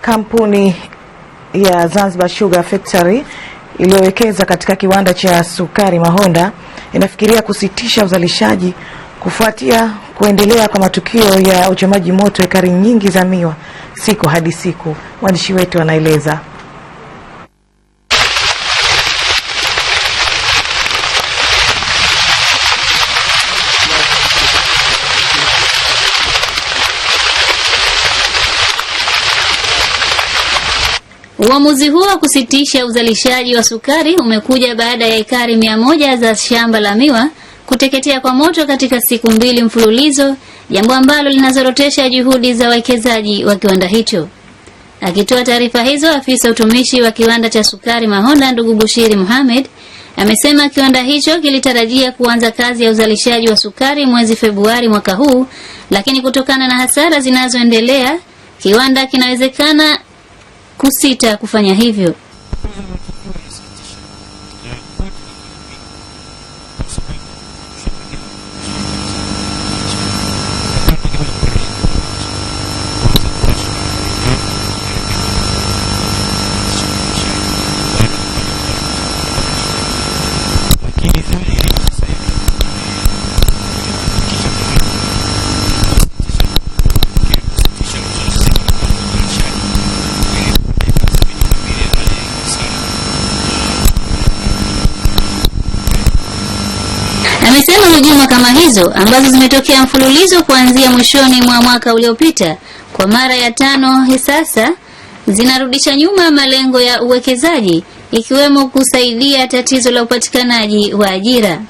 Kampuni ya Zanzibar Sugar Factory iliyowekeza katika kiwanda cha sukari Mahonda inafikiria kusitisha uzalishaji kufuatia kuendelea kwa matukio ya uchomaji moto ekari nyingi za miwa siku hadi siku. Mwandishi wetu anaeleza. Uamuzi huo wa kusitisha uzalishaji wa sukari umekuja baada ya ekari mia moja za shamba la miwa kuteketea kwa moto katika siku mbili mfululizo, jambo ambalo linazorotesha juhudi za wawekezaji wa kiwanda hicho. Akitoa taarifa hizo, afisa utumishi wa kiwanda cha sukari Mahonda, ndugu Bushiri Mohamed, amesema kiwanda hicho kilitarajia kuanza kazi ya uzalishaji wa sukari mwezi Februari mwaka huu, lakini kutokana na hasara zinazoendelea kiwanda kinawezekana kusita kufanya hivyo. Amesema hujuma kama hizo ambazo zimetokea mfululizo kuanzia mwishoni mwa mwaka uliopita kwa mara ya tano sasa zinarudisha nyuma malengo ya uwekezaji ikiwemo kusaidia tatizo la upatikanaji wa ajira.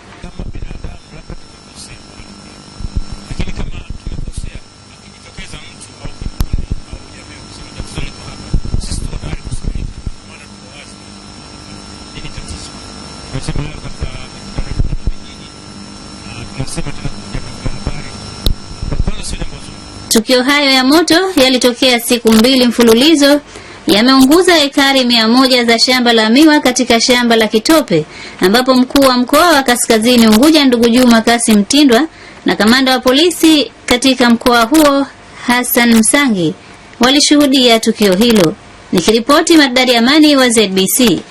Tukio hayo ya moto yalitokea siku mbili mfululizo yameunguza hekari mia moja za shamba la miwa katika shamba la Kitope ambapo mkuu wa mkoa wa Kaskazini Unguja ndugu Juma Kasim Mtindwa na kamanda wa polisi katika mkoa huo Hassan Msangi walishuhudia tukio hilo. Nikiripoti Magdari Amani wa ZBC.